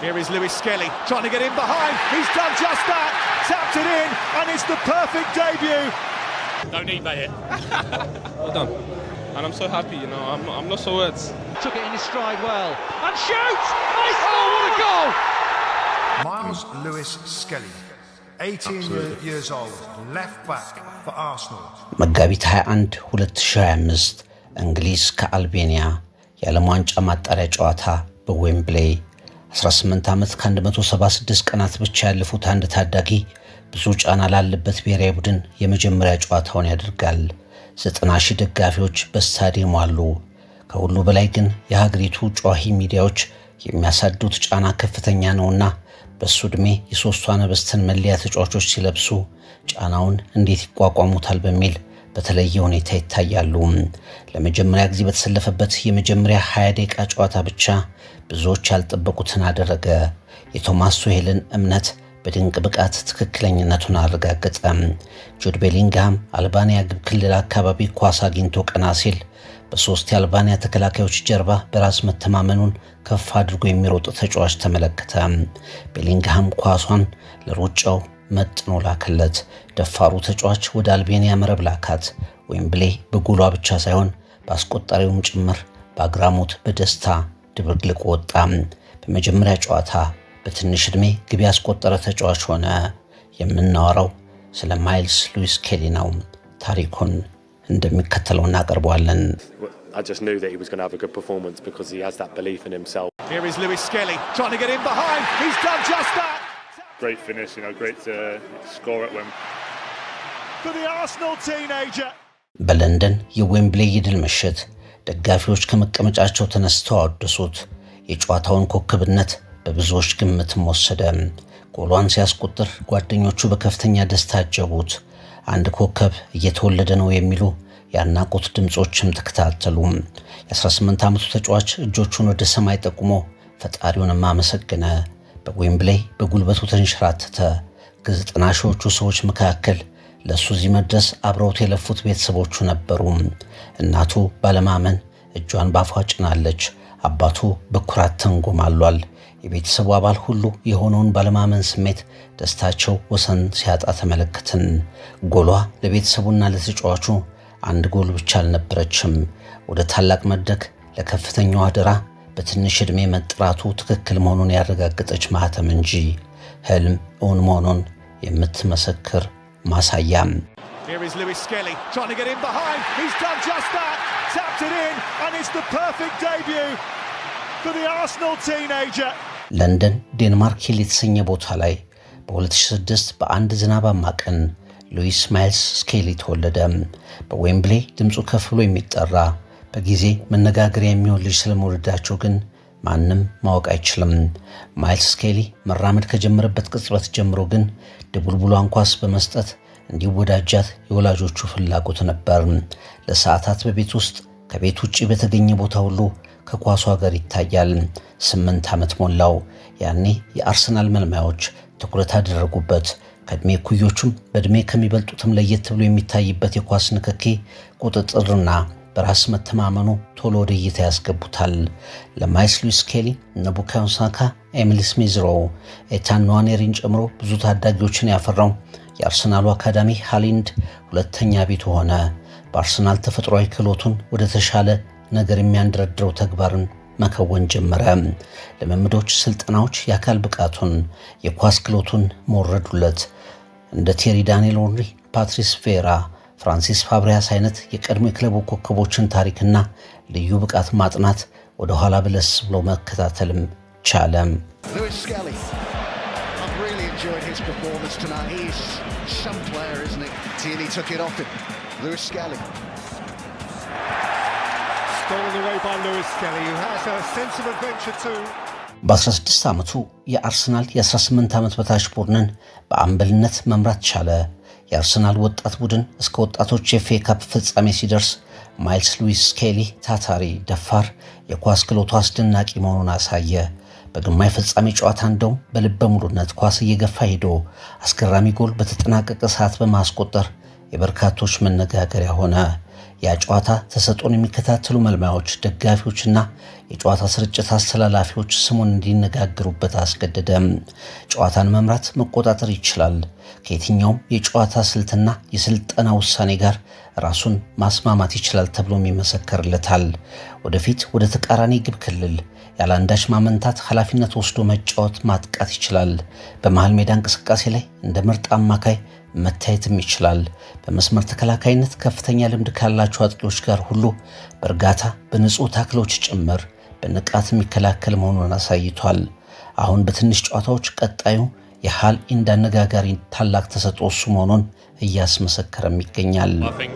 Here is Lewis Skelly trying to get in behind. He's done just that, tapped it in, and it's the perfect debut. No need, it. well done. And I'm so happy, you know, I'm, I'm lost for words. Took it in his stride well. And shoots! Nice oh, what a goal! Miles Lewis Skelly, 18 years old, left back for Arsenal. መጋቢት 21 2025 እንግሊዝ ከአልቤኒያ የዓለም ዋንጫ ማጣሪያ ጨዋታ በዌምብሌይ 18 ዓመት ከ176 ቀናት ብቻ ያለፉት አንድ ታዳጊ ብዙ ጫና ላለበት ብሔራዊ ቡድን የመጀመሪያ ጨዋታውን ያደርጋል። 90 ሺህ ደጋፊዎች በስታዲየሙ አሉ። ከሁሉ በላይ ግን የሀገሪቱ ጨዋሂ ሚዲያዎች የሚያሳዱት ጫና ከፍተኛ ነውና በሱ ዕድሜ የሦስቱ አነበስትን መለያ ተጫዋቾች ሲለብሱ ጫናውን እንዴት ይቋቋሙታል በሚል በተለየ ሁኔታ ይታያሉ። ለመጀመሪያ ጊዜ በተሰለፈበት የመጀመሪያ 20 ደቂቃ ጨዋታ ብቻ ብዙዎች ያልጠበቁትን አደረገ። የቶማስ ሶሄልን እምነት በድንቅ ብቃት ትክክለኝነቱን አረጋገጠ። ጁድ ቤሊንግሃም አልባንያ ግብ ክልል አካባቢ ኳስ አግኝቶ ቀና ሲል በሶስት የአልባንያ ተከላካዮች ጀርባ በራስ መተማመኑን ከፍ አድርጎ የሚሮጥ ተጫዋች ተመለከተ። ቤሊንግሃም ኳሷን ለሩጫው መጥኖ ላከለት። ደፋሩ ተጫዋች ወደ አልቤኒያ መረብ ላካት። ዌምብሌ በጎሏ ብቻ ሳይሆን በአስቆጠሪውም ጭምር በአግራሞት በደስታ ድብልቅልቅ ወጣ። በመጀመሪያ ጨዋታ በትንሽ ዕድሜ ግብ ያስቆጠረ ተጫዋች ሆነ። የምናወራው ስለ ማይልስ ሉዊስ ኬሊ ነው። ታሪኩን እንደሚከተለው እናቀርበዋለን። great finish, you know, great to score at Wembley. For the Arsenal teenager. በለንደን የዌምብሌ የድል ምሽት ደጋፊዎች ከመቀመጫቸው ተነስተው አወደሱት። የጨዋታውን ኮከብነት በብዙዎች ግምትም ወሰደ። ጎሏን ሲያስቆጥር ጓደኞቹ በከፍተኛ ደስታ አጀቡት። አንድ ኮከብ እየተወለደ ነው የሚሉ የአድናቆት ድምፆችም ተከታተሉ። የ18 ዓመቱ ተጫዋች እጆቹን ወደ ሰማይ ጠቁሞ ፈጣሪውንም አመሰገነ። በዌምብሌይ በጉልበቱ ተንሸራተተ። ከዘጠና ሰዎች መካከል ለእሱ እዚህ መድረስ አብረውት የለፉት ቤተሰቦቹ ነበሩ። እናቱ ባለማመን እጇን ባፏ ጭናለች። አባቱ በኩራት ተንጎማሏል። የቤተሰቡ አባል ሁሉ የሆነውን ባለማመን ስሜት ደስታቸው ወሰን ሲያጣ ተመለከትን። ጎሏ ለቤተሰቡና ለተጫዋቹ አንድ ጎል ብቻ አልነበረችም። ወደ ታላቅ መድረክ ለከፍተኛው አደራ በትንሽ ዕድሜ መጥራቱ ትክክል መሆኑን ያረጋገጠች ማህተም እንጂ ህልም እውን መሆኑን የምትመሰክር ማሳያም። ለንደን ዴንማርክ ሂል የተሰኘ ቦታ ላይ በ2006 በአንድ ዝናባማ ቀን ሉዊስ ማይልስ ስኬሊ ተወለደ። በዌምብሌ ድምፁ ከፍሎ የሚጠራ በጊዜ መነጋገሪያ የሚሆን ልጅ ስለመውለዳቸው ግን ማንም ማወቅ አይችልም። ማይልስ ኬሊ መራመድ ከጀመረበት ቅጽበት ጀምሮ ግን ድቡልቡሏን ኳስ በመስጠት እንዲወዳጃት የወላጆቹ ፍላጎት ነበር። ለሰዓታት በቤት ውስጥ ከቤት ውጭ በተገኘ ቦታ ሁሉ ከኳሷ ጋር ይታያል። ስምንት ዓመት ሞላው። ያኔ የአርሰናል መልማዮች ትኩረት አደረጉበት። ከዕድሜ ኩዮቹም በዕድሜ ከሚበልጡትም ለየት ብሎ የሚታይበት የኳስ ንክኬ ቁጥጥርና በራስ መተማመኑ ቶሎ ወደ እይታ ያስገቡታል። ለማይስ ሉዊስ ኬሊ፣ ነቡካዮን ሳካ፣ ኤሚል ስሚዝ ኤታን ንዋኔሪን ጨምሮ ብዙ ታዳጊዎችን ያፈራው የአርሰናሉ አካዳሚ ሃሊንድ ሁለተኛ ቤቱ ሆነ። በአርሰናል ተፈጥሯዊ ክህሎቱን ወደ ተሻለ ነገር የሚያንደረድረው ተግባርን መከወን ጀመረ። ልምምዶች፣ ስልጠናዎች የአካል ብቃቱን፣ የኳስ ክህሎቱን መወረዱለት። እንደ ቴሪ ዳንኤል ኦንሪ፣ ፓትሪስ ቬራ ፍራንሲስ ፋብሪያስ አይነት የቀድሞ የክለቡ ኮከቦችን ታሪክና ልዩ ብቃት ማጥናት ወደ ኋላ ብለስ ብሎ መከታተልም ቻለም። በ16 ዓመቱ የአርሰናል የ18 ዓመት በታች ቡድንን በአምበልነት መምራት ቻለ። የአርሰናል ወጣት ቡድን እስከ ወጣቶች የኤፍኤ ካፕ ፍጻሜ ሲደርስ ማይልስ ሉዊስ ስኬሊ ታታሪ፣ ደፋር፣ የኳስ ክሎቱ አስደናቂ መሆኑን አሳየ። በግማሽ ፍጻሜ ጨዋታ እንደውም በልበ ሙሉነት ኳስ እየገፋ ሄዶ አስገራሚ ጎል በተጠናቀቀ ሰዓት በማስቆጠር የበርካቶች መነጋገሪያ ሆነ። የጨዋታ ተሰጥኦን የሚከታተሉ መልማዮች፣ ደጋፊዎችና የጨዋታ ስርጭት አስተላላፊዎች ስሙን እንዲነጋገሩበት አስገደደም። ጨዋታን መምራት መቆጣጠር ይችላል። ከየትኛውም የጨዋታ ስልትና የስልጠና ውሳኔ ጋር ራሱን ማስማማት ይችላል ተብሎም ይመሰከርለታል። ወደፊት ወደ ተቃራኒ ግብ ክልል ያለ አንዳች ማመንታት ኃላፊነት ወስዶ መጫወት ማጥቃት ይችላል። በመሃል ሜዳ እንቅስቃሴ ላይ እንደ ምርጥ አማካይ መታየትም ይችላል። በመስመር ተከላካይነት ከፍተኛ ልምድ ካላቸው አጥቂዎች ጋር ሁሉ በእርጋታ በንጹህ ታክሎች ጭምር በንቃት የሚከላከል መሆኑን አሳይቷል። አሁን በትንሽ ጨዋታዎች ቀጣዩ የሃል ኢንድ አነጋጋሪ ታላቅ ተሰጥኦ እሱ መሆኑን እያስመሰከረም ይገኛል። um,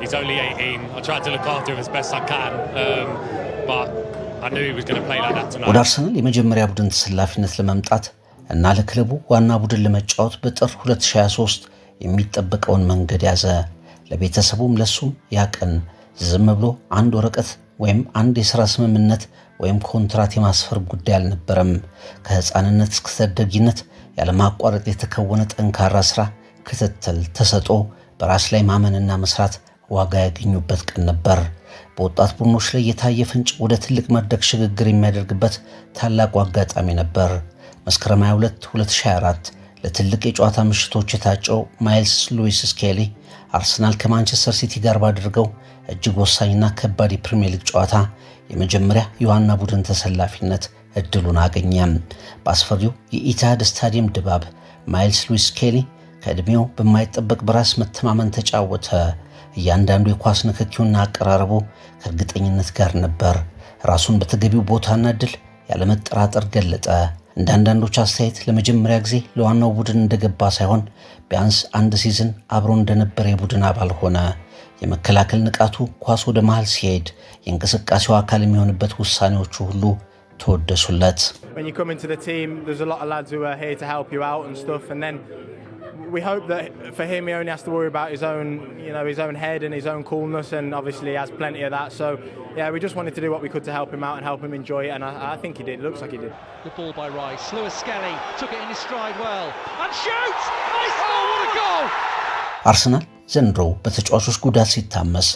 He's only 18. I tried to look after him as best I can, um, but ወደ አርሰናል የመጀመሪያ ቡድን ተሰላፊነት ለመምጣት እና ለክለቡ ዋና ቡድን ለመጫወት በጥር 2023 የሚጠበቀውን መንገድ ያዘ። ለቤተሰቡም ለሱም ያቀን ዝም ብሎ አንድ ወረቀት ወይም አንድ የሥራ ስምምነት ወይም ኮንትራት የማስፈር ጉዳይ አልነበረም። ከሕፃንነት እስከ ታዳጊነት ያለማቋረጥ የተከወነ ጠንካራ ሥራ፣ ክትትል፣ ተሰጦ በራስ ላይ ማመንና መስራት ዋጋ ያገኙበት ቀን ነበር። በወጣት ቡድኖች ላይ የታየ ፍንጭ ወደ ትልቅ መድረክ ሽግግር የሚያደርግበት ታላቁ አጋጣሚ ነበር። መስከረም 22 2024 ለትልቅ የጨዋታ ምሽቶች የታጨው ማይልስ ሉዊስ ስኬሊ አርሰናል ከማንቸስተር ሲቲ ጋር ባደረገው እጅግ ወሳኝና ከባድ የፕሪምየር ሊግ ጨዋታ የመጀመሪያ የዋና ቡድን ተሰላፊነት እድሉን አገኘ። በአስፈሪው የኢታድ ስታዲየም ድባብ ማይልስ ሉዊስ ስኬሊ ከዕድሜው በማይጠበቅ በራስ መተማመን ተጫወተ። እያንዳንዱ የኳስ ንክኪውና አቀራረቡ ከእርግጠኝነት ጋር ነበር። ራሱን በተገቢው ቦታና ድል ያለመጠራጠር ገለጠ። እንደ አንዳንዶች አስተያየት ለመጀመሪያ ጊዜ ለዋናው ቡድን እንደገባ ሳይሆን ቢያንስ አንድ ሲዝን አብሮ እንደነበረ የቡድን አባል ሆነ። የመከላከል ንቃቱ፣ ኳስ ወደ መሃል ሲሄድ የእንቅስቃሴው አካል የሚሆንበት ውሳኔዎቹ ሁሉ ተወደሱለት። we hope that for him, he only has to worry about his own, you know, his own head and his own coolness, and obviously he has plenty of that. So, yeah, we just wanted to do what we could to help him out and help him enjoy it, and I, I think he did. It looks like he did. The ball by Rice, Lewis Skelly took it in his stride well and shoots. Nice oh, what a goal! አርሰናል ዘንድሮ በተጫዋቾች ጉዳት ሲታመስ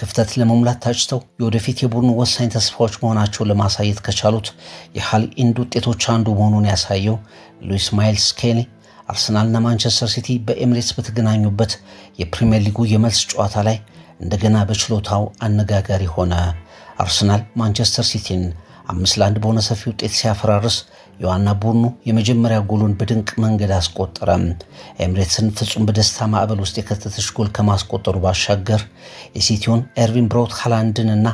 ክፍተት ለመሙላት ታጭተው የወደፊት የቡድኑ ወሳኝ ተስፋዎች መሆናቸውን ለማሳየት ከቻሉት የሃል ኢንድ ውጤቶች አንዱ መሆኑን ያሳየው ሉዊስ ማይልስ ስኬሊ አርሰናልና ማንቸስተር ሲቲ በኤምሬትስ በተገናኙበት የፕሪምየር ሊጉ የመልስ ጨዋታ ላይ እንደገና በችሎታው አነጋጋሪ ሆነ። አርሰናል ማንቸስተር ሲቲን አምስት ለአንድ በሆነ ሰፊ ውጤት ሲያፈራርስ የዋና ቡድኑ የመጀመሪያ ጎሉን በድንቅ መንገድ አስቆጠረ። ኤምሬትስን ፍጹም በደስታ ማዕበል ውስጥ የከተተች ጎል ከማስቆጠሩ ባሻገር የሲቲውን ኤርቪን ብራውት ሃላንድንና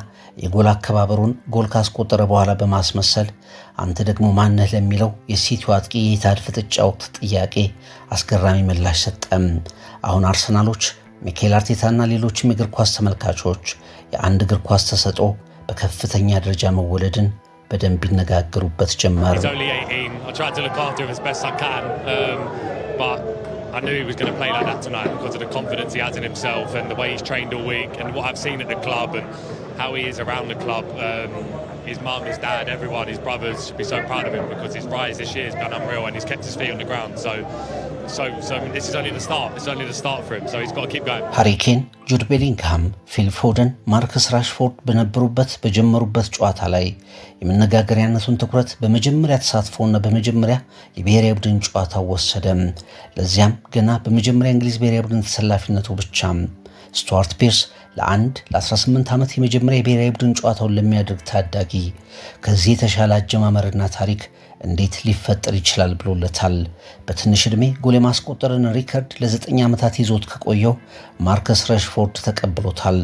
የጎል አከባበሩን ጎል ካስቆጠረ በኋላ በማስመሰል አንተ ደግሞ ማነህ ለሚለው የሲቲው አጥቂ የታድ ፍጥጫ ወቅት ጥያቄ አስገራሚ ምላሽ ሰጠም። አሁን አርሰናሎች፣ ሚኬል አርቴታና ሌሎችም የእግር ኳስ ተመልካቾች የአንድ እግር ኳስ ተሰጦ በከፍተኛ ደረጃ መወለድን በደንብ ይነጋገሩበት ጀመር። I knew he was going to play like that tonight because of the confidence he has in himself and the way he's trained all week and what I've seen at the club and how he is around the club. Um, his mum, his dad, everyone, his brothers should be so proud of him because his rise this year has been unreal and he's kept his feet on the ground. So ሃሪኬን ጁድ ቤሊንግሃም፣ ፊል ፎደን፣ ማርከስ ራሽፎርድ በነበሩበት በጀመሩበት ጨዋታ ላይ የመነጋገሪያነቱን ትኩረት በመጀመሪያ ተሳትፎና በመጀመሪያ የብሔራዊ ቡድን ጨዋታ ወሰደም። ለዚያም ገና በመጀመሪያ እንግሊዝ ብሔራዊ ቡድን ተሰላፊነቱ ብቻም ስቱዋርት ፒርስ ለአንድ ለ18 ዓመት የመጀመሪያ የብሔራዊ ቡድን ጨዋታውን ለሚያደርግ ታዳጊ ከዚህ የተሻለ አጀማመርና ታሪክ እንዴት ሊፈጠር ይችላል ብሎለታል። በትንሽ ዕድሜ ጎል የማስቆጠርን ሪከርድ ለዘጠኝ ዓመታት ይዞት ከቆየው ማርከስ ራሽፎርድ ተቀብሎታል።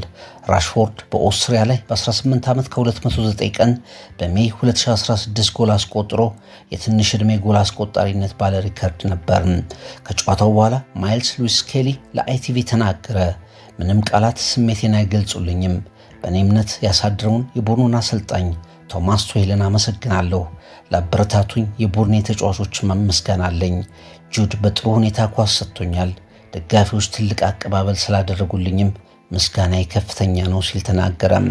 ራሽፎርድ በኦስትሪያ ላይ በ18 ዓመት ከ209 ቀን በሜይ 2016 ጎል አስቆጥሮ የትንሽ ዕድሜ ጎል አስቆጣሪነት ባለ ሪከርድ ነበር። ከጨዋታው በኋላ ማይልስ ሉዊስ ኬሊ ለአይቲቪ ተናገረ። ምንም ቃላት ስሜቴን አይገልጹልኝም። በእኔ እምነት ያሳድረውን የቦርኑን አሰልጣኝ ቶማስ ቱሄልን አመሰግናለሁ ለአበረታቱኝ የቡድኔ ተጫዋቾች መመስገን አለኝ። ጁድ በጥሩ ሁኔታ ኳስ ሰጥቶኛል። ደጋፊዎች ትልቅ አቀባበል ስላደረጉልኝም ምስጋና ከፍተኛ ነው ሲል ተናገረም።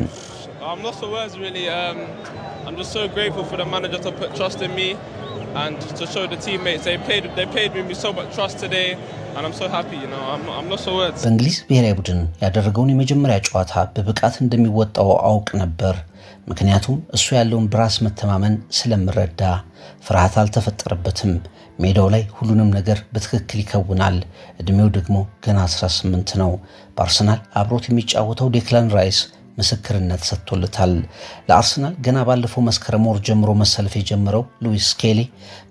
በእንግሊዝ ብሔራዊ ቡድን ያደረገውን የመጀመሪያ ጨዋታ በብቃት እንደሚወጣው አውቅ ነበር ምክንያቱም እሱ ያለውን በራስ መተማመን ስለምረዳ ፍርሃት አልተፈጠረበትም። ሜዳው ላይ ሁሉንም ነገር በትክክል ይከውናል። ዕድሜው ደግሞ ገና 18 ነው። በአርሰናል አብሮት የሚጫወተው ዴክላን ራይስ ምስክርነት ሰጥቶለታል። ለአርሰናል ገና ባለፈው መስከረም ወር ጀምሮ መሰለፍ የጀመረው ሉዊስ ስኬሊ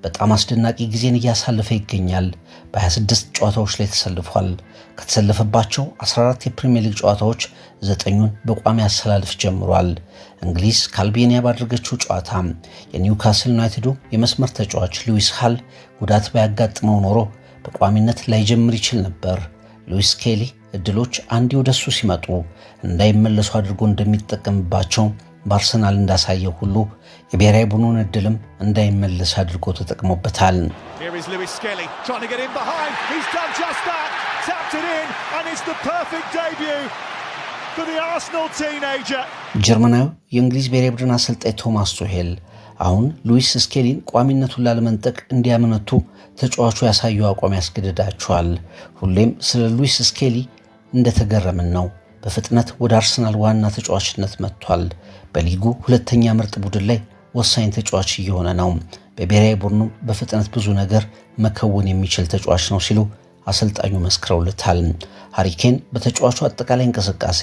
በጣም አስደናቂ ጊዜን እያሳለፈ ይገኛል። በ26 ጨዋታዎች ላይ ተሰልፏል። ከተሰለፈባቸው 14 የፕሪምየር ሊግ ጨዋታዎች ዘጠኙን በቋሚ አሰላለፍ ጀምሯል። እንግሊዝ ከአልቤኒያ ባደረገችው ጨዋታ የኒውካስል ዩናይትዱ የመስመር ተጫዋች ሉዊስ ሃል ጉዳት ባያጋጥመው ኖሮ በቋሚነት ላይጀምር ይችል ነበር። ሉዊስ ስኬሊ እድሎች አንዴ ወደ እሱ ሲመጡ እንዳይመለሱ አድርጎ እንደሚጠቀምባቸው በአርሰናል እንዳሳየው ሁሉ የብሔራዊ ቡድኑን እድልም እንዳይመለስ አድርጎ ተጠቅሞበታል። ጀርመናዊ የእንግሊዝ ብሔራዊ ቡድን አሰልጣኝ ቶማስ ቱሄል አሁን ሉዊስ ስኬሊን ቋሚነቱን ላለመንጠቅ እንዲያመነቱ ተጫዋቹ ያሳየው አቋም ያስገድዳቸዋል። ሁሌም ስለ ሉዊስ ስኬሊ እንደተገረምን ነው። በፍጥነት ወደ አርሰናል ዋና ተጫዋችነት መጥቷል። በሊጉ ሁለተኛ ምርጥ ቡድን ላይ ወሳኝ ተጫዋች እየሆነ ነው። በብሔራዊ ቡድኑ በፍጥነት ብዙ ነገር መከወን የሚችል ተጫዋች ነው ሲሉ አሰልጣኙ መስክረውለታል። ሃሪኬን በተጫዋቹ አጠቃላይ እንቅስቃሴ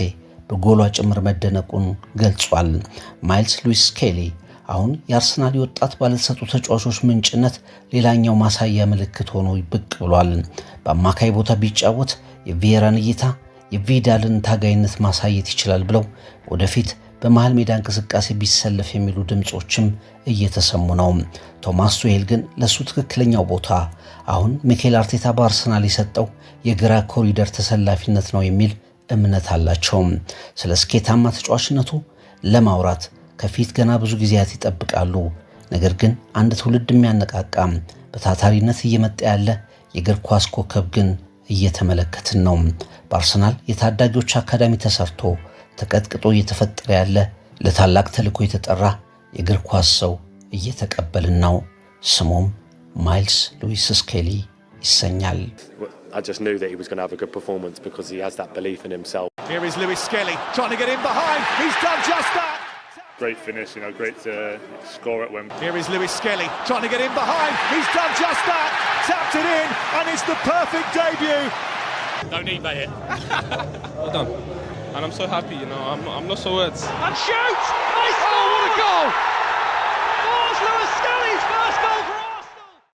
በጎሏ ጭምር መደነቁን ገልጿል። ማይልስ ሉዊስ ስኬሊ አሁን የአርሰናል የወጣት ባለተሰጡ ተጫዋቾች ምንጭነት ሌላኛው ማሳያ ምልክት ሆኖ ብቅ ብሏል። በአማካይ ቦታ ቢጫወት የቪየራን እይታ የቪዳልን ታጋይነት ማሳየት ይችላል ብለው ወደፊት በመሃል ሜዳ እንቅስቃሴ ቢሰለፍ የሚሉ ድምፆችም እየተሰሙ ነው። ቶማስ ቱሄል ግን ለእሱ ትክክለኛው ቦታ አሁን ሚኬል አርቴታ በአርሰናል የሰጠው የግራ ኮሪደር ተሰላፊነት ነው የሚል እምነት አላቸው። ስለ ስኬታማ ተጫዋችነቱ ለማውራት ከፊት ገና ብዙ ጊዜያት ይጠብቃሉ። ነገር ግን አንድ ትውልድ የሚያነቃቃም በታታሪነት እየመጣ ያለ የእግር ኳስ ኮከብ ግን እየተመለከትን ነው። በአርሰናል የታዳጊዎች አካዳሚ ተሰርቶ ተቀጥቅጦ እየተፈጠረ ያለ ለታላቅ ተልዕኮ የተጠራ የእግር ኳስ ሰው እየተቀበልን ነው። ስሙም ማይልስ ሉዊስ ስኬሊ ይሰኛል። great finish, you know, great to score at Wembley. Here is Lewis Skelly trying to get in behind. He's done just that, tapped it in, and it's the perfect debut. No need, it. well done. And I'm so happy, you know, I'm, I'm not for words. And shoot! Nice oh, goal! what a goal! Lewis Skelly's first goal